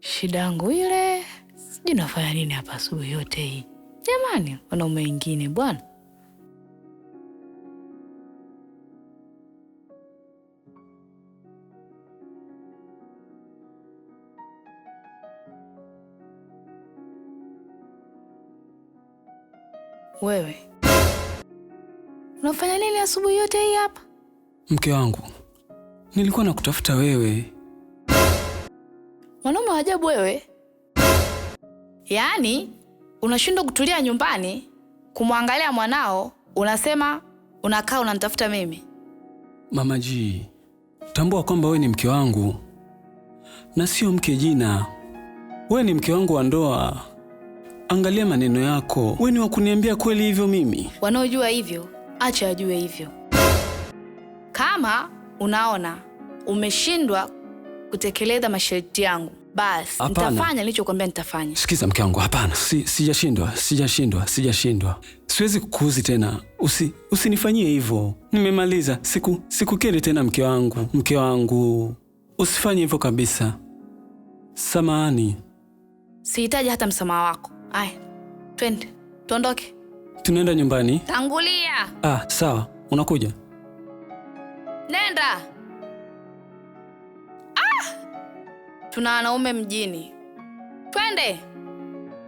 shida yangu ile, sijui nafanya nini hapa asubuhi yote hii jamani, wanaume wengine bwana. Wewe unafanya nini asubuhi yote hii hapa? Mke wangu Nilikuwa nakutafuta wewe. Mwanaume wa ajabu wewe, yaani unashindwa kutulia nyumbani kumwangalia mwanao, unasema unakaa unanitafuta mimi. Mama ji, tambua kwamba wewe ni mke wangu na sio mke jina. Wewe ni mke wangu wa ndoa. Angalia maneno yako. Wewe ni wa kuniambia kweli hivyo? Mimi wanaojua hivyo acha ajue hivyo, kama unaona umeshindwa kutekeleza masharti yangu, basi nitafanya nilichokwambia nitafanya. Sikiza mke wangu, hapana, si, sijashindwa, sijashindwa, sijashindwa, siwezi kukuuzi tena, usi usinifanyie hivyo, nimemaliza. Siku sikukeri tena, mke wangu, mke wangu, usifanye hivyo kabisa. Samahani, sihitaji hata msamaha wako. Aya, twende tuondoke, tunaenda nyumbani. Tangulia. Ah, sawa, unakuja, nenda. tuna wanaume mjini, twende.